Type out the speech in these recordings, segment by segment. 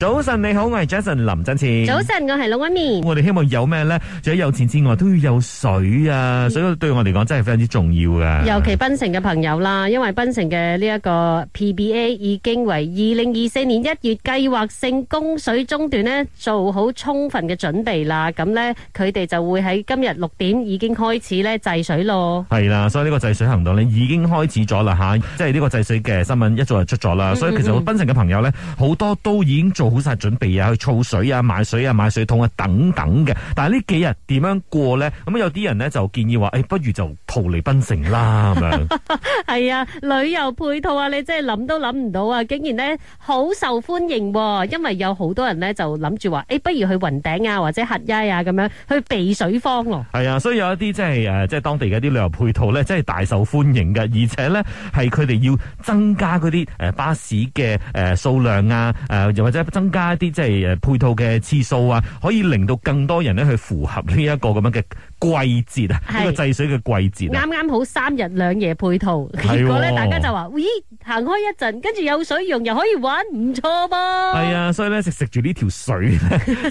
早晨你好，我係 Jason 林振前。早晨，我係 Melody。我哋希望有咩咧？除咗有錢之外，都要有水啊！所以對我嚟講，真係非常之重要嘅。尤其檳城嘅朋友啦，因為檳城嘅呢一個 PBA 已經為二零二四年一月計劃性供水中斷咧做好充分嘅準備啦。咁咧，佢哋就會喺今日六點已經開始咧制水咯。係啦，所以呢個制水行動咧已經開始咗啦吓，即係呢個制水嘅新聞一早就出咗啦。所以其實檳城嘅朋友咧，好多都已經做好晒準備啊，去儲水啊、買水啊、買水桶啊等等嘅。但係呢幾日點樣過咧？咁有啲人咧就建議話，誒、欸，不如就。逃離檳城啦，係 啊！旅遊配套啊，你真係諗都諗唔到啊！竟然咧好受歡迎啊，因為有好多人咧就諗住話，誒，不如去雲頂啊，或者黑衣啊，咁樣去避水荒咯啊。係啊，所以有一啲即係誒，即係當地嘅一啲旅遊配套咧，真係大受歡迎嘅，而且咧係佢哋要增加嗰啲誒巴士嘅誒、呃、數量啊，誒、呃，又或者增加一啲即係誒配套嘅次數啊，可以令到更多人咧去符合呢一個咁樣嘅。季節啊，這個制水嘅季節啱啱好三日兩夜配套，哦、結果咧大家就話，咦，行開一陣，跟住有水用又可以玩，唔錯噃。係啊，所以咧食食住呢條水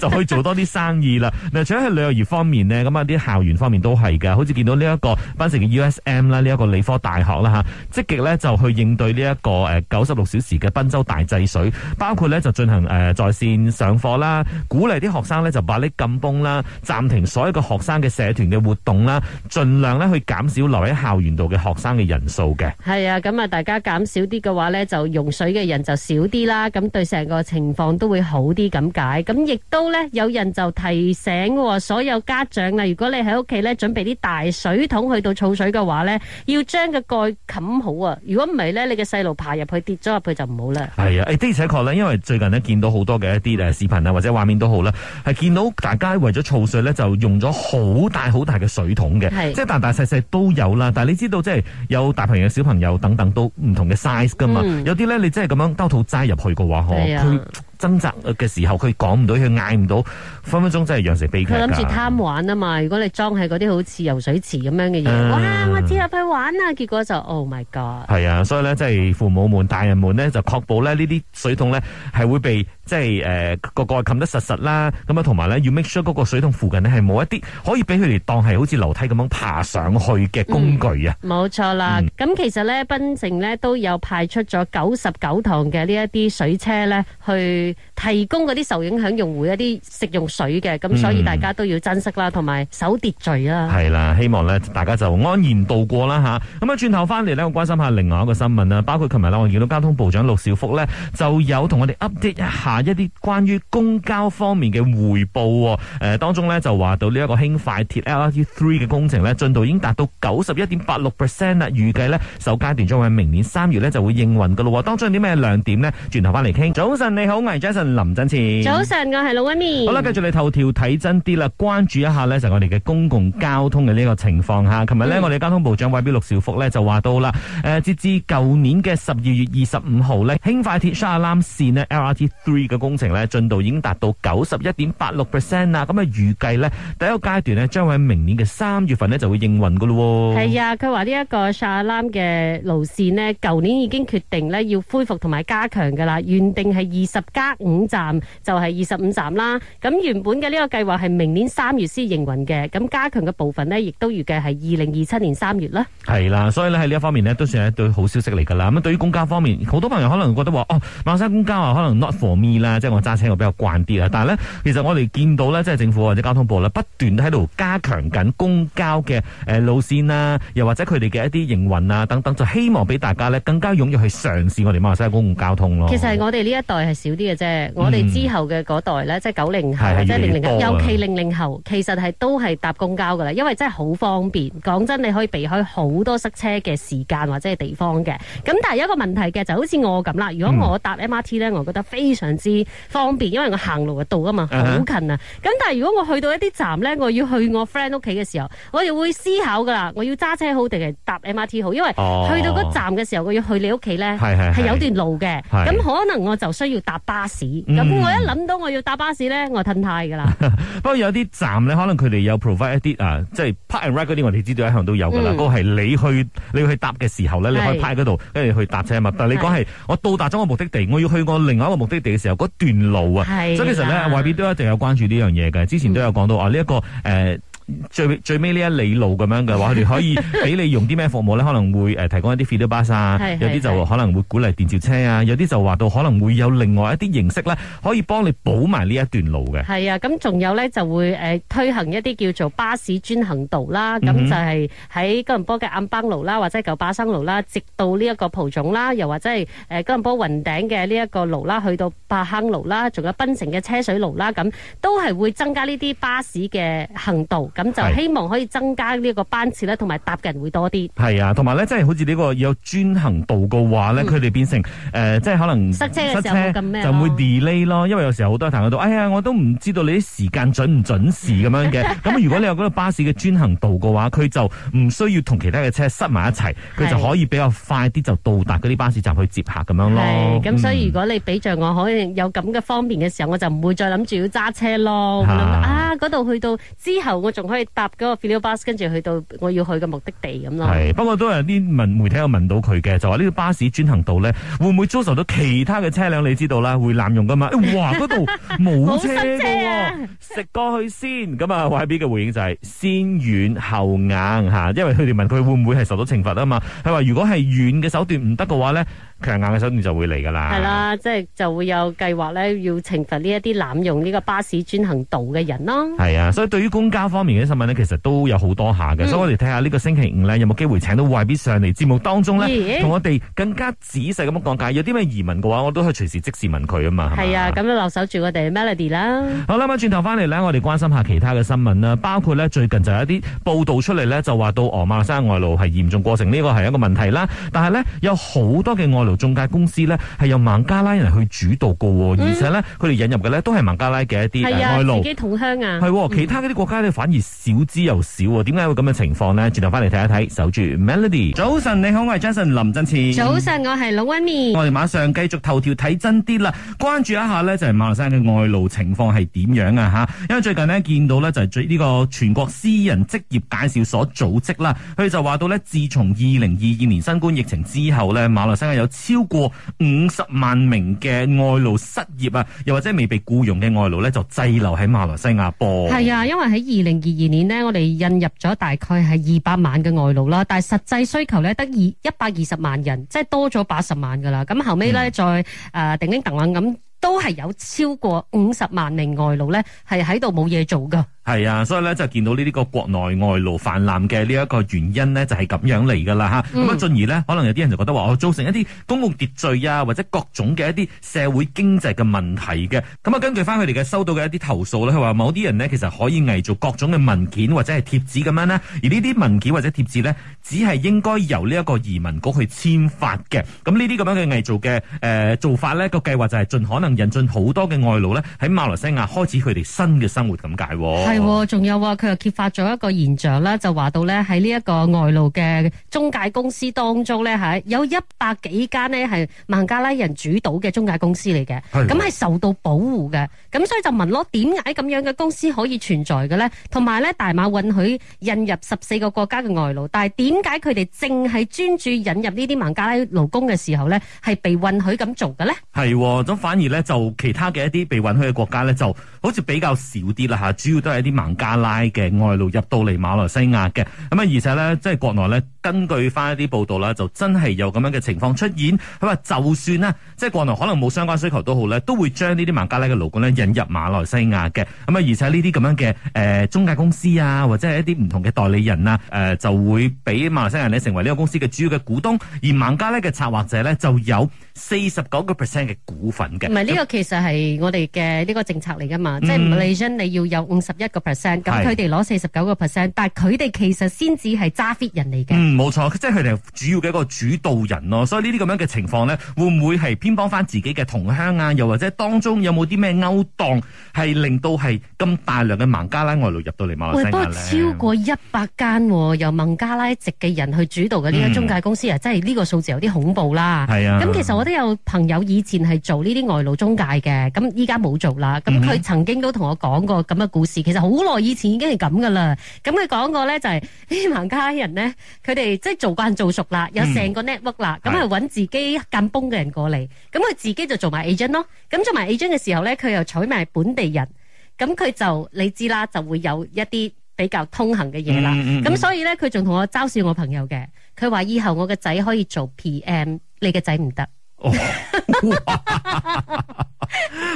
就可以做多啲生意啦。嗱，除咗喺旅遊業方面呢，咁啊啲校園方面都係嘅，好似見到呢一個檳城 U S M 啦，呢一個理科大學啦吓，積極咧就去應對呢一個誒九十六小時嘅檳州大制水，包括咧就進行誒在線上課啦，鼓勵啲學生咧就把啲禁崩啦，暫停所有嘅學生嘅社團嘅活動啦，盡量咧去減少留喺校園度嘅學生嘅人數嘅。係啊，咁啊，大家減少啲嘅話咧，就用水嘅人就少啲啦，咁對成個情況都會好啲咁解。咁亦都咧，有人就提醒話所有家長啊，如果你喺屋企咧準備啲大水桶去到儲水嘅話咧，要將個蓋冚好啊。如果唔係咧，你嘅細路爬入去跌咗入去就唔好啦。係啊，誒的而且確咧，因為最近咧見到好多嘅一啲誒視頻啊或者畫面都好啦，係見到大家為咗儲水咧就用咗好大。好大嘅水桶嘅，即係大大細細都有啦。但係你知道，即係有大朋友、小朋友等等，都唔同嘅 size 噶嘛。嗯、有啲咧，你真係咁樣兜肚齋入去嘅話，嗬，佢。掙扎嘅時候，佢講唔到，佢嗌唔到，分分鐘真係釀成悲劇。佢諗住貪玩啊嘛！如果你裝喺嗰啲好似游水池咁樣嘅嘢，嗯，哇！我跳入去玩啊，結果就 Oh my God！係啊，所以咧，即係父母們、大人們咧，就確保咧呢啲水桶咧係會被即係誒個蓋冚得實實啦。咁啊，同埋咧要 make sure 嗰個水桶附近呢係冇一啲可以俾佢哋當係好似樓梯咁樣爬上去嘅工具啊。冇、嗯、錯啦。咁、嗯嗯、其實咧，檳城咧都有派出咗九十九台嘅呢一啲水車咧去提供嗰啲受影響用戶一啲食用水嘅，咁所以大家都要珍惜啦，同埋守秩序啦。係啦，希望咧大家就安然度過啦嚇。咁啊，轉頭翻嚟咧，我關心下另外一個新聞啦。包括尋日咧，我見到交通部長陸兆福咧，就有同我哋 update 一下一啲關於公交方面嘅彙報。誒，當中咧就話到呢一個輕快鐵 LRT Three 嘅工程咧，進度已經達到九十一點八六 percent 啦。預計咧首階段將會喺明年三月咧就會應運嘅咯。當中有啲咩亮點咧？轉頭翻嚟傾。早晨你好，藝。Jason 林振前，早晨，我係老威面。好啦，繼續嚟頭條睇真啲啦，關注一下咧就係我哋嘅公共交通嘅呢個情況吓。琴日咧，我哋交通部長委表陸兆福咧就話到啦，誒，截至舊年嘅十二月二十五號咧，輕快鐵沙朗線咧 LRT Three 嘅工程咧進度已經達到九十一點八六 percent 啦。咁啊，預計咧第一個階段咧將喺明年嘅三月份咧就會營運噶咯。係啊，佢話呢一個沙朗嘅路線咧，舊年已經決定咧要恢復同埋加強噶啦，原定係二十加。五站就係二十五站啦，咁原本嘅呢個計劃係明年三月先營運嘅，咁加強嘅部分呢亦都預計係二零二七年三月啦。係啦，所以喺呢一方面呢都算係一對好消息嚟噶啦。咁對於公交方面，好多朋友可能覺得話哦，馬來西亞公交啊，可能 not for me 啦，即係我揸車我比較慣啲啦。但係呢，其實我哋見到呢，即係政府或者交通部呢不斷喺度加強緊公交嘅誒路線啦，又或者佢哋嘅一啲營運啊等等，就希望俾大家呢更加踴躍去嘗試我哋馬來西亞公共交通咯。其實我哋呢一代係少啲嘅。啫、嗯，我哋之後嘅嗰代咧，即係九零後或者零零後，尤其零零後其實係都係搭公交噶啦，因為真係好方便。講真，你可以避開好多塞車嘅時間或者係地方嘅。咁但係有一個問題嘅，就好似我咁啦。如果我搭 MRT 咧，我覺得非常之方便、嗯，因為我行路嘅道啊嘛，好近啊。咁但係如果我去到一啲站咧，我要去我 friend 屋企嘅時候，我哋會思考噶啦，我要揸車好定係搭 MRT 好？因為去到嗰站嘅時候，我要去你屋企咧，係有段路嘅，咁、哦、可能我就需要搭巴。市、嗯、咁我一諗到我要搭巴士咧，我就褪軚噶啦。 不過有啲站咧，可能佢哋有 provide 一啲啊，即、就、係、是、park and ride 嗰啲，我哋知道一向都有噶啦。嗰個係你去你去搭嘅時候咧，你可以派嗰度，跟住去搭車啊嘛。但係你講係我到達咗個目的地，我要去我另外一個目的地嘅時候，嗰段路啊，所以其實咧外邊都一定有關注呢樣嘢嘅。之前都有講到、嗯、啊，呢、這、一個誒。呃最最尾呢一里路咁樣嘅話，佢哋可以俾你用啲咩服務咧？ 可能會誒提供一啲 free 巴啊，有啲就可能會鼓勵電召車啊， 有啲就話到可能會有另外一啲形式咧，可以幫你補埋呢一段路嘅。係啊，咁仲有咧就會誒、呃、推行一啲叫做巴士專行道啦，咁、嗯、就係喺吉隆坡嘅安邦路啦，或者舊巴生路啦，直到呢一個蒲種啦，又或者係誒吉隆坡雲頂嘅呢一個路啦，去到巴坑路啦，仲有檳城嘅車水路啦，咁都係會增加呢啲巴士嘅行道。咁就希望可以增加呢個班次咧，同埋搭嘅人會多啲。係啊，同埋咧，即係好似呢個有專行道嘅話咧，佢、嗯、哋變成誒、呃，即係可能塞車，時候塞車塞車咁咩，就唔會 delay 咯。因為有時候好多乘客都，哎呀，我都唔知道你啲時間準唔準時咁 樣嘅。咁如果你有嗰個巴士嘅專行道嘅話，佢就唔需要同其他嘅車塞埋一齊，佢就可以比較快啲就到達嗰啲巴士站去接客咁樣咯。係，咁所以如果你俾着我可以有咁嘅方便嘅時候，我就唔會再諗住要揸車咯。啊，嗰度、啊、去到之後我仲。可以搭嗰個 filler bus 跟住去到我要去嘅目的地咁咯。係，不過都有啲媒媒體有問到佢嘅，就話呢個巴士專行道咧，會唔會遭受到其他嘅車輛？你知道啦，會濫用噶嘛、哎。哇！嗰度冇車㗎喎、哦，食、 啊、過去先咁啊！話邊嘅回應就係、是、先軟後硬，因為佢哋問佢會唔會係受到懲罰啊嘛。佢話如果係軟嘅手段唔得嘅話咧。強硬嘅手段就會嚟噶啦，係啦、啊，即係就會有計劃咧，要懲罰呢一啲濫用呢個巴士專行道嘅人咯。係啊，所以對於公交方面嘅新聞呢，其實都有好多下嘅、嗯，所以我哋睇下呢個星期五咧，有冇機會請到外邊上嚟節目當中咧，同我哋更加仔細咁樣講解，有啲咩疑問嘅話，我都可以隨時即時問佢啊嘛。係啊，咁就留守住我哋 Melody 啦。好啦，咁轉頭翻嚟咧，我哋關心下其他嘅新聞啦，包括呢最近就有一啲報道出嚟咧，就話到俄馬山外勞係嚴重過剩。呢個係一個問題啦。但係咧有好多嘅外做中介公司咧，係由孟加拉人去主導噶、嗯，而且呢，佢哋引入嘅，咧都係孟加拉嘅一啲外勞。係啊，自己同鄉啊。係、哦嗯，其他嗰啲國家呢，反而少之又少。點解會咁嘅情況呢？轉頭翻嚟睇一睇，守住 Melody。早晨，你好，我係 Jason 林振前。早晨，我係老 Winnie。我哋馬上繼續頭條睇真啲啦，關注一下呢，就係馬來西亞嘅外勞情況係點樣啊吓？因為最近呢，見到呢，就係呢個全國私人職業介紹所組織啦，佢就話到呢，自從二零二二年新冠疫情之後呢，馬來西亞有超過五十萬名嘅外勞失業啊，又或者未被僱傭嘅外勞咧，就滯留喺馬來西亞波。係啊，因為喺二零二二年呢，我哋引入咗大概係二百萬嘅外勞啦，但係實際需求咧得二一百二十萬人，即係多咗八十萬噶啦。咁後尾咧再誒叮叮騰騰咁，都係有超過五十萬名外勞咧係喺度冇嘢做噶。係啊，所以咧，就見到呢啲個國內外勞氾濫嘅呢一個原因呢，就係咁樣嚟噶啦吓。咁啊，進而呢，可能有啲人就覺得話，我造成一啲公共秩序啊，或者各種嘅一啲社會經濟嘅問題嘅。咁啊，根據翻佢哋嘅收到嘅一啲投訴呢，佢話某啲人呢，其實可以偽造各種嘅文件或者係貼紙咁樣呢，而呢啲文件或者貼紙呢，只係應該由呢一個移民局去簽發嘅。咁呢啲咁樣嘅偽造嘅誒、呃、做法呢，個計劃就係盡可能引進好多嘅外勞呢，喺馬來西亞開始佢哋新嘅生活咁解。仲、哦、有啊，佢又揭發咗一個現象啦，就話到咧喺呢一個外勞嘅中介公司當中咧，吓有一百幾間咧係孟加拉人主導嘅中介公司嚟嘅，咁係受到保護嘅，咁所以就問咯，點解咁樣嘅公司可以存在嘅咧？同埋咧，大馬允許引入十四個國家嘅外勞，但係點解佢哋淨係專注引入呢啲孟加拉勞工嘅時候咧，係被允許咁做嘅咧？係，咁反而咧就其他嘅一啲被允許嘅國家咧，就好似比較少啲啦，吓，主要都係。啲孟加拉嘅外勞入到嚟馬來西亞嘅，咁啊而且咧即係國內咧根據翻一啲報道啦，就真係有咁樣嘅情況出現。佢話就算咧即係國內可能冇相關需求都好咧，都會將呢啲孟加拉嘅勞工咧引入馬來西亞嘅。咁啊而且呢啲咁樣嘅誒、呃、中介公司啊，或者係一啲唔同嘅代理人啊，誒、呃、就會俾馬來西亞人咧成為呢個公司嘅主要嘅股東，而孟加拉嘅策劃者咧就有四十九個 percent 嘅股份嘅。唔係呢個其實係我哋嘅呢個政策嚟噶嘛，嗯、即係 Malaysia 你要有五十一。一個 percent，咁佢哋攞四十九個 percent，但係佢哋其實先至係揸 fit 人嚟嘅。嗯，冇錯，即係佢哋主要嘅一個主導人咯。所以呢啲咁樣嘅情況咧，會唔會係偏幫翻自己嘅同鄉啊？又或者當中有冇啲咩勾當，係令到係咁大量嘅孟加拉外勞入到嚟馬來西亞咧？不過超過一百間由孟加拉籍嘅人去主導嘅呢間中介公司、嗯、啊，真係呢個數字有啲恐怖啦。係啊，咁其實我都有朋友以前係做呢啲外勞中介嘅，咁依家冇做啦。咁佢曾經都同我講過咁嘅故事，其實。好耐以前已經係咁噶啦，咁佢講過呢、就係，就係盲卡家人呢，佢哋即係做慣做熟啦，有成個 network 啦，咁係揾自己間崩嘅人過嚟，咁佢自己就做埋 agent 咯，咁做埋 agent 嘅時候呢，佢又採埋本地人，咁佢就你知啦，就會有一啲比較通行嘅嘢啦，咁、嗯嗯嗯、所以呢，佢仲同我嘲笑我朋友嘅，佢話以後我個仔可以做 PM，你個仔唔得。哦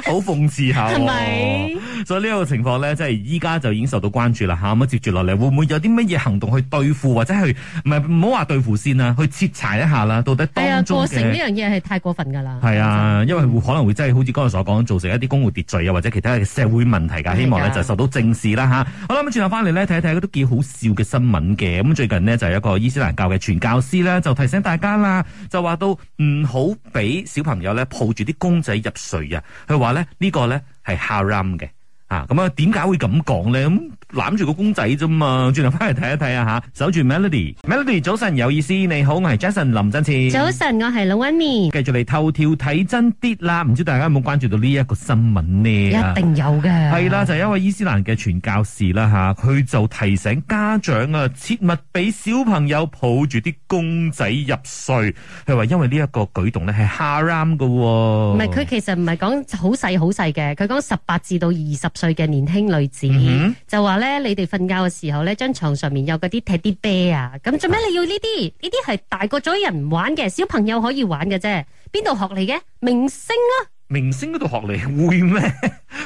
好 諷刺下、啊係咪，所以呢個情況咧，即係依家就已經受到關注啦。吓、嗯、咁接住落嚟，會唔會有啲乜嘢行動去對付，或者去唔係唔好話對付先啊？去徹查一下啦，到底係啊，過程呢樣嘢係太過分噶啦。係啊，因為會、嗯、可能會真係好似剛才所講，造成一啲公屋秩序啊，或者其他嘅社會問題噶。希望咧、啊、就受到正視啦。吓、嗯，好啦，咁轉頭翻嚟咧，睇一睇都幾好笑嘅新聞嘅。咁、嗯、最近呢，就有、是、一個伊斯蘭教嘅傳教師咧，就提醒大家啦，就話到唔好俾小朋友咧抱住啲公仔入睡啊。佢話咧呢個咧係哈拉姆嘅，啊，咁啊點解會咁講咧？咁。攬住個公仔啫嘛。轉頭翻嚟睇一睇啊吓，守住 Melody，Melody 早晨有意思，你好，我係 Jason 林振賜。早晨，我係盧溫 y。繼續嚟頭條睇真啲啦，唔知大家有冇關注到呢一個新聞呢？一定有嘅。係啦，就係一位伊斯蘭嘅傳教士啦吓，佢就提醒家長啊，切勿俾小朋友抱住啲公仔入睡。佢話因為呢一個舉動咧係哈拉姆噶。唔係，佢其實唔係講好細好細嘅，佢講十八至到二十歲嘅年輕女子、嗯、就話。咧，你哋瞓覺嘅時候呢張床上面有嗰啲踢啲啤呀，咁做咩你要呢啲？呢啲係大個咗人唔玩嘅，小朋友可以玩嘅啫，邊度學嚟嘅？明星囉、啊。明星嗰度學嚟會咩？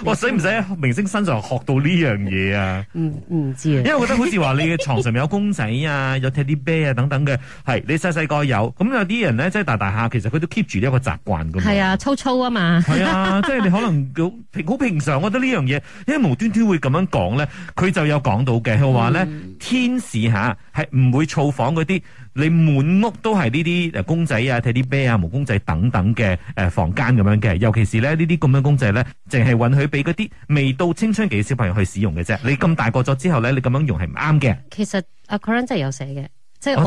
我使唔使喺明星身上學到呢樣嘢啊？唔、嗯、唔、嗯、知啊，因為我覺得好似話你嘅床上面有公仔啊， 有踢啲啤啊等等嘅，係你細細個有，咁有啲人咧即係大大下，其實佢都 keep 住呢一個習慣㗎嘛。係啊，粗粗啊嘛。係啊，即、就、係、是、你可能好平好平常，我覺得呢樣嘢， 因為無端端會咁樣講咧，佢就有講到嘅，佢話咧天使下，係唔會造訪嗰啲。你滿屋都係呢啲公仔啊、睇啲啤啊、毛公仔等等嘅、呃、房間咁樣嘅，尤其是咧呢啲咁樣公仔咧，淨係允許俾嗰啲未到青春期嘅小朋友去使用嘅啫。你咁大個咗之後咧，你咁樣用係唔啱嘅。其實阿 Corin 真係有寫嘅，即係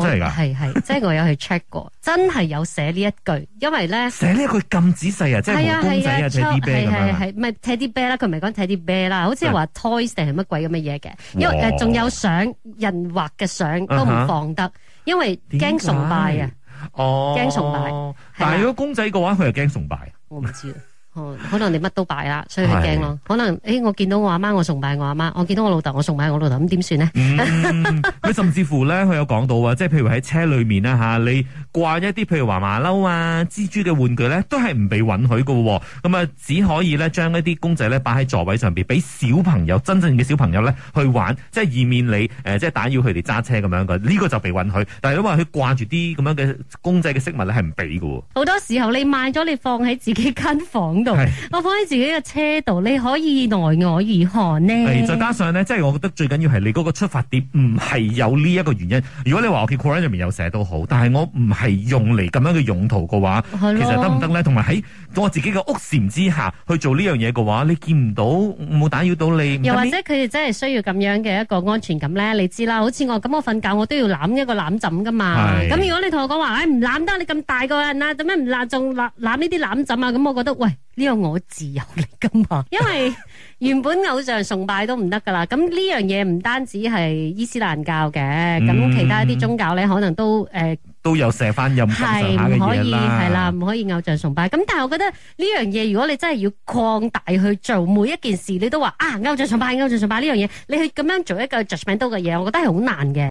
即、哦、我有去 check 過， 真係有寫呢一句，因為咧寫呢一句咁仔細啊，即係毛公仔啊、踢啲、啊啊、啤咁樣，係係唔係睇啲啤啦？佢唔係講踢啲啤啦、啊啊，好似話 toys 定係乜鬼咁嘅嘢嘅，因為誒仲、呃、有相人畫嘅相都唔放得。因為驚崇拜啊，哦，驚崇拜。但係如果公仔嘅話，佢又驚崇拜啊。我唔知啊。哦、可能你乜都擺啦，所以佢驚咯。可能誒、欸，我見到我阿媽，我崇拜我阿媽；我見到我老豆，我崇拜我老豆。咁點算呢？佢、嗯、 甚至乎咧，佢有講到啊，即係譬如喺車裏面咧吓，你掛一啲譬如話馬騮啊、蜘蛛嘅玩具咧，都係唔被允許噶。咁啊，只可以咧將一啲公仔咧擺喺座位上邊，俾小朋友真正嘅小朋友咧去玩，即係以免你誒即係打擾佢哋揸車咁樣嘅。呢、這個就被允許，但係因為佢掛住啲咁樣嘅公仔嘅飾物咧，係唔俾噶。好多時候你賣咗你放喺自己間房。係我放喺自己嘅車度，你可以奈我如何呢？再加上咧，即係我覺得最緊要係你嗰個出發點唔係有呢一個原因。如果你話我嘅 coron 入面有寫到好，但係我唔係用嚟咁樣嘅用途嘅話，其實得唔得咧？同埋喺我自己嘅屋檐之下去做呢樣嘢嘅話，你見唔到冇打擾到你？又或者佢哋真係需要咁樣嘅一個安全感咧？你知啦，好似我咁，我瞓覺我都要攬一個攬枕噶嘛。咁如果你同我講話，唉唔攬得，你咁大個人啦，啊，做咩唔攬？仲攬呢啲攬枕啊？咁我覺得喂。呢、這個我自由嚟噶嘛？因為原本偶像崇拜都唔得噶啦。咁呢樣嘢唔單止係伊斯蘭教嘅，咁、嗯、其他一啲宗教咧可能都誒、嗯呃、都有射翻陰係唔可以係啦，唔可以偶像崇拜。咁但係我覺得呢樣嘢，如果你真係要擴大去做每一件事，你都話啊偶像崇拜，偶像崇拜呢樣嘢，你去咁樣做一個 judgement 到嘅嘢，我覺得係好難嘅。